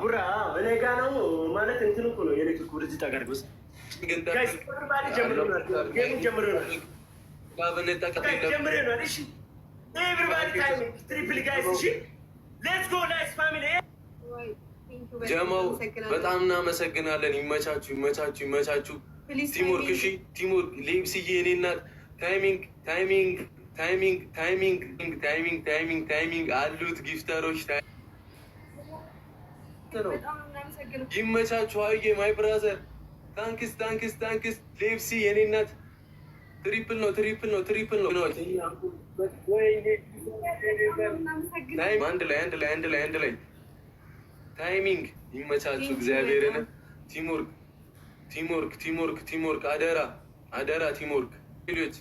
ቡራ በነጋ ነው ማለት እንትን እኮ ነው የኤሌክትሪክ ብርጅት አጋርጎስ ጀማው በጣም እናመሰግናለን። ይመቻችሁ፣ ይመቻችሁ፣ ይመቻችሁ። ቲሞርክ እሺ፣ ቲሞር ሌብስዬ፣ እኔ እናት ታይሚንግ ታይሚንግ ታይሚንግ ታይሚንግ ታይሚንግ ታይሚንግ ታይሚንግ አሉት ጊፍተሮች ነው። ይመቻችሁ ሀይዬ ማይ ብራዘር። ታንክስ ታንክስ ታንክስ። ሌፕሲ የኔ እናት ትሪፕል ነው ትሪፕል ነው ትሪፕል ነው። አንድ ላይ አንድ ላይ አንድ ላይ አንድ ላይ ታይሚንግ ይመቻችሁ። እግዚአብሔርን ቲምወርክ ቲምወርክ ቲምወርክ ቲምወርክ አደራ አደራ ቲምወርክ ሌሎች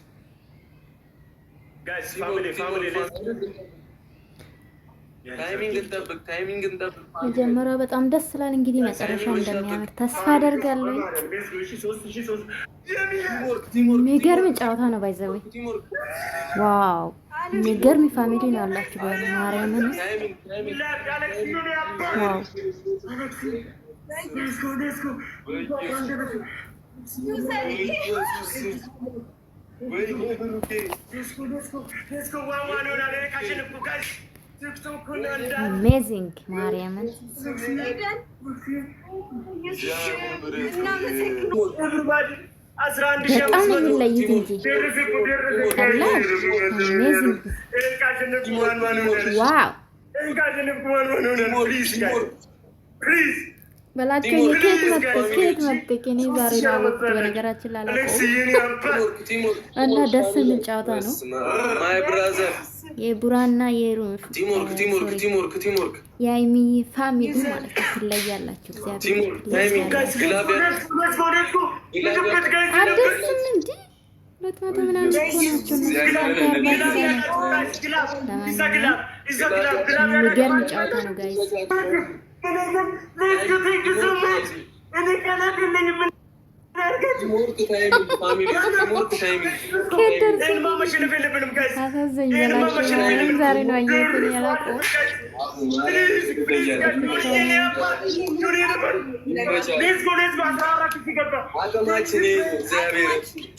መጀመሪያው በጣም ደስ ይላል። እንግዲህ መጨረሻ እንደሚያምር ተስፋ አደርጋለሁ። የሚገርም ጨዋታ ነው። ባይዘዌ ዋው! የሚገርም ፋሚሊ ነው ያላችሁ በማርያምን ዋው አሜዚንግ ማርያምን በጣም ነው የሚለይት እንጂ ዋው በላቸው ኬት መጠ ኬት መጠቅ እኔ ዛሬ ናወቅት በነገራችን ላላቀ እና ደስ የሚል ጨዋታ ነው። የቡራና የሩን የአይሚ ፋሚሊ ማለት ትለያላችሁ። እግዚአብሔር ጨዋታ ነው ጋይዝ ዛሬ ነው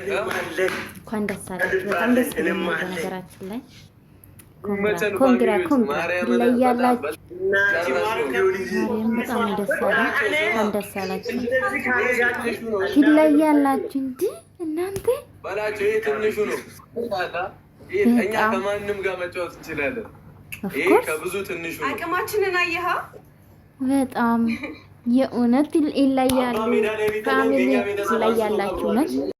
እንኳን ደስ አላችሁ። በጣም ደስ ብሎኛል። በነገራችን ላይ ኮንግራ ኮንግራ ለያላችሁ በጣም ደስ አላችሁ። እንኳን ደስ አላችሁ። ትለያላችሁ እንጂ እናንተ በላቸው። ይሄ ትንሹ ነው። እኛ ከማንም ጋር መጫወት እንችላለን። ይሄ ከብዙ ትንሹ ነው። አቅማችንን አየሃ በጣም የእውነት ይለያሉ። ፋሚሊ ይለያላችሁ ነው